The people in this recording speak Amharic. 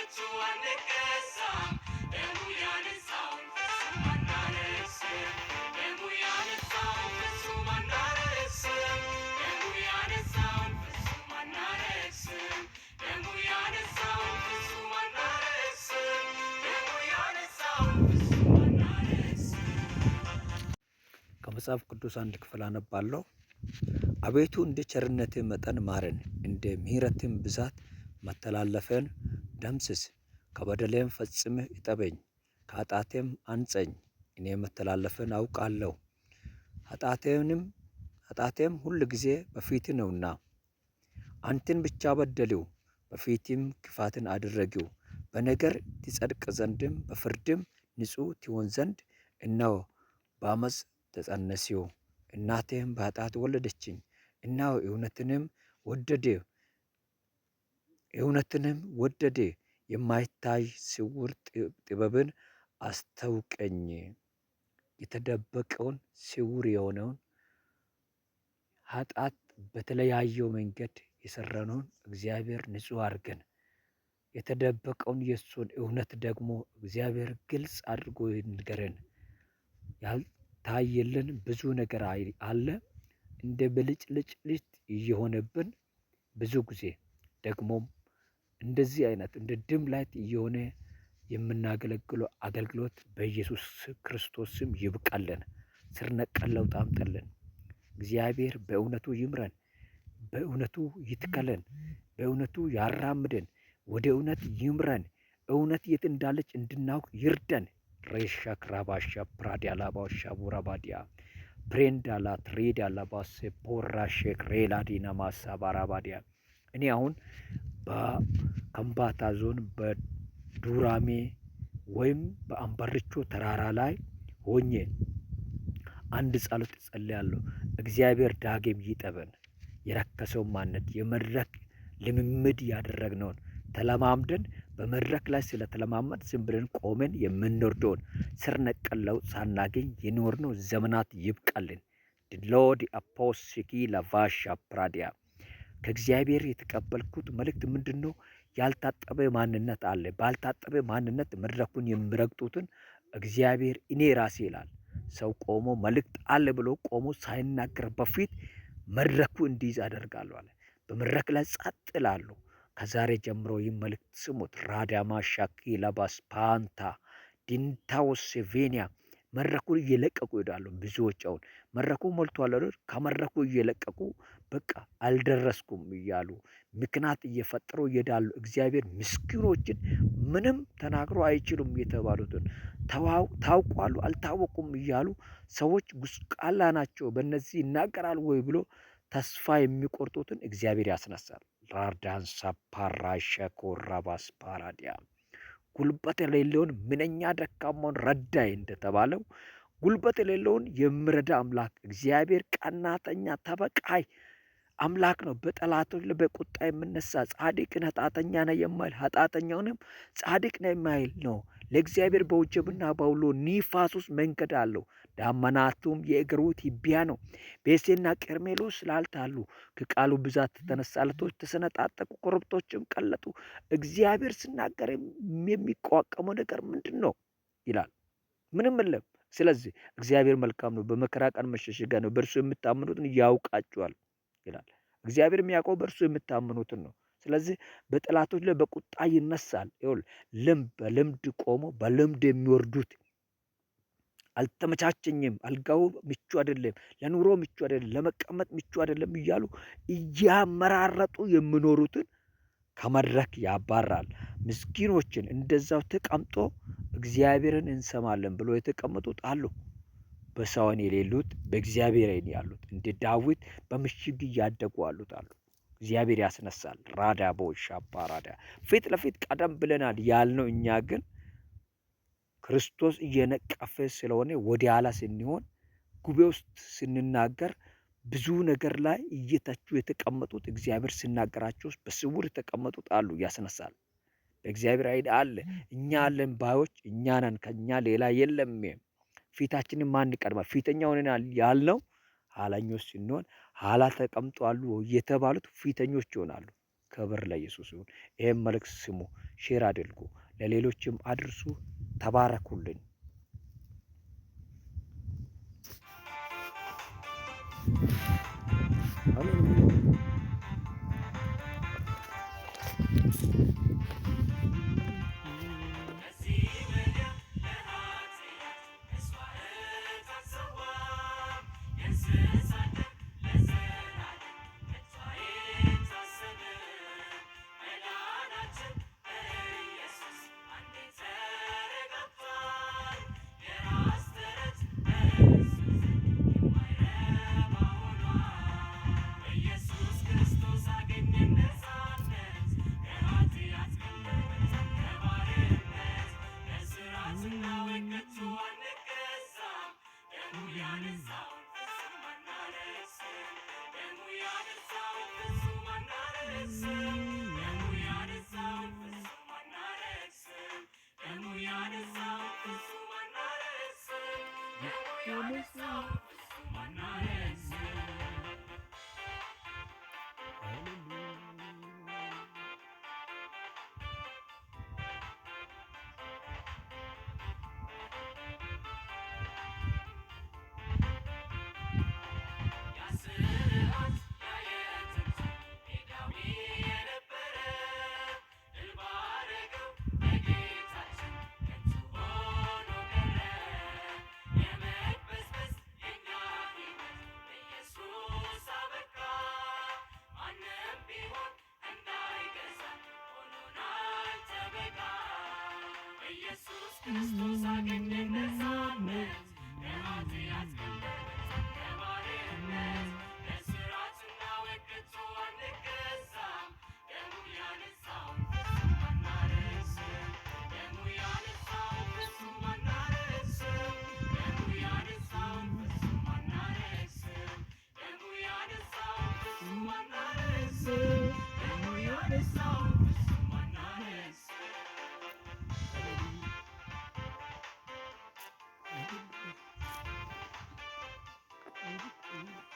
ከመጽሐፍ ቅዱስ አንድ ክፍል አነባለሁ። አቤቱ እንደ ቸርነትህ መጠን ማረን፣ እንደ ምሕረትህም ብዛት መተላለፈን ደምስስ፣ ከበደሌም ፈጽምህ እጠበኝ፣ ከኃጢአቴም አንጸኝ። እኔ መተላለፍን አውቃለሁ፣ ኃጢአቴም ሁል ጊዜ በፊት ነውና። አንተን ብቻ በደልሁ፣ በፊትም ክፋትን አደረግሁ። በነገር ትጸድቅ ዘንድም በፍርድም ንጹሕ ትሆን ዘንድ እነሆ በዓመፅ ተፀነስሁ። እናቴም በኃጢአት ወለደችኝ፣ እነሆ እውነትንም ወደድሁ እውነትንም ወደደ። የማይታይ ስውር ጥበብን አስታውቀኝ። የተደበቀውን ስውር የሆነውን ኃጢአት በተለያየው መንገድ የሰራነውን እግዚአብሔር ንጹሕ አድርገን የተደበቀውን የእሱን እውነት ደግሞ እግዚአብሔር ግልጽ አድርጎ ይንገረን። ያልታየልን ብዙ ነገር አለ። እንደ ብልጭልጭልጭ እየሆነብን ብዙ ጊዜ ደግሞም እንደዚህ አይነት እንደ ድም ላይት እየሆነ የምናገለግለው አገልግሎት በኢየሱስ ክርስቶስ ስም ይብቃለን። ስር ነቀል ለውጥ አምጣልን። እግዚአብሔር በእውነቱ ይምረን፣ በእውነቱ ይትከለን፣ በእውነቱ ያራምደን፣ ወደ እውነት ይምረን። እውነት የት እንዳለች እንድናውቅ ይርደን። ሬሻ ክራባሻ ፕራዲያ ላባሻ ቡራባዲያ ብሬንዳላ ትሬዳ ላባሴ ቦራሼክ ሬላዲና ማሳ ባራባዲያ እኔ አሁን በአምባታ ዞን በዱራሜ ወይም በአምባርቾ ተራራ ላይ ሆኜ አንድ ጸሎት እጸልያለሁ። እግዚአብሔር ዳግም ይጠበን። የረከሰው ማነት የመድረክ ልምምድ ያደረግነውን ተለማምደን በመድረክ ላይ ስለተለማመድ ዝም ብለን ቆመን የምንወርደውን ስር ነቀል ለውጥ ሳናገኝ የኖርነው ዘመናት ይብቃልን። ድሎዲ አፖስኪ ለቫሻ ፕራዲያ ከእግዚአብሔር የተቀበልኩት መልእክት ምንድን ነው? ያልታጠበ ማንነት አለ። ባልታጠበ ማንነት መድረኩን የሚረግጡትን እግዚአብሔር እኔ ራሴ ይላል። ሰው ቆሞ መልእክት አለ ብሎ ቆሞ ሳይናገር በፊት መድረኩ እንዲይዝ አደርጋለሁ አለ። በመድረክ ላይ ጸጥ እላለሁ። ከዛሬ ጀምሮ ይህ መልእክት ስሙት። ራዳማ ሻኪ ለባስ ፓንታ ዲንታውስ ቬኒያ መድረኩን እየለቀቁ ይሄዳሉ። ብዙዎች አሁን መድረኩ ሞልቷል አይደል? ከመድረኩ እየለቀቁ በቃ አልደረስኩም እያሉ ምክንያት እየፈጠሩ ይሄዳሉ። እግዚአብሔር ምስኪኖችን ምንም ተናግሮ አይችሉም የተባሉትን ታውቋሉ፣ አልታወቁም እያሉ ሰዎች ጉስቃላ ናቸው፣ በእነዚህ ይናገራል ወይ ብሎ ተስፋ የሚቆርጡትን እግዚአብሔር ያስነሳል። ራርዳን ሳፓራ ሸኮራባስ ፓራዲያ ጉልበት የሌለውን ምንኛ ደካማውን ረዳይ እንደተባለው ጉልበት የሌለውን የምረዳ አምላክ እግዚአብሔር ቀናተኛ ተበቃይ አምላክ ነው። በጠላቶች በቁጣ የምነሳ ጻድቅን ኃጢአተኛ ነ የማይል ኃጢአተኛውንም ጻድቅ ነ የማይል ነው። ለእግዚአብሔር በውጀብና በውሎ ኒፋስ ውስጥ መንገድ አለው። ዳመናቱም የእግሩ ትቢያ ነው። ቤሴና ቀርሜሎስ ላልታሉ፣ ከቃሉ ብዛት የተነሳ ተሰነጣጠቁ፣ ኮረብቶችም ቀለጡ። እግዚአብሔር ሲናገር የሚቋቀመው ነገር ምንድን ነው ይላል? ምንም የለም። ስለዚህ እግዚአብሔር መልካም ነው፣ በመከራ ቀን መሸሸጊያ ነው፣ በእርሱ የምታምኑትን ያውቃቸዋል ይላል። እግዚአብሔር የሚያውቀው በእርሱ የምታምኑትን ነው። ስለዚህ በጠላቶች ላይ በቁጣ ይነሳል። ይኸውልህ ልምድ በልምድ ቆሞ በልምድ የሚወርዱት አልተመቻቸኝም፣ አልጋው ምቹ አይደለም፣ ለኑሮ ምቹ አይደለም፣ ለመቀመጥ ምቹ አይደለም እያሉ እያመራረጡ የሚኖሩትን ከመድረክ ያባራል። ምስኪኖችን እንደዛው ተቀምጦ እግዚአብሔርን እንሰማለን ብሎ የተቀመጡት አሉ። በሰውን የሌሉት በእግዚአብሔር ዓይን ያሉት እንደ ዳዊት በምሽግ እያደጉ አሉት አሉ። እግዚአብሔር ያስነሳል። ራዳ ቦይ ሻባ ራዳ ፊት ለፊት ቀደም ብለናል ያልነው እኛ ግን ክርስቶስ እየነቀፈ ስለሆነ ወደ ኋላ ስንሆን ጉባኤ ውስጥ ስንናገር ብዙ ነገር ላይ እየታችሁ የተቀመጡት እግዚአብሔር ሲናገራቸው በስውር የተቀመጡት አሉ ያስነሳል። በእግዚአብሔር አይደ አለ እኛ አለን ባዮች እኛ ነን፣ ከኛ ሌላ የለም። ፊታችንን ማን ቀድማ ፊተኛ ሆነናል ያልነው ኋላኞች ስንሆን ኋላ ተቀምጠዋል የተባሉት ፊተኞች ይሆናሉ። ክብር ለኢየሱስ ይሁን። ይህም መልእክት ስሙ፣ ሼር አድርጉ፣ ለሌሎችም አድርሱ። ተባረኩልን። Христос, огненный Mm-hmm.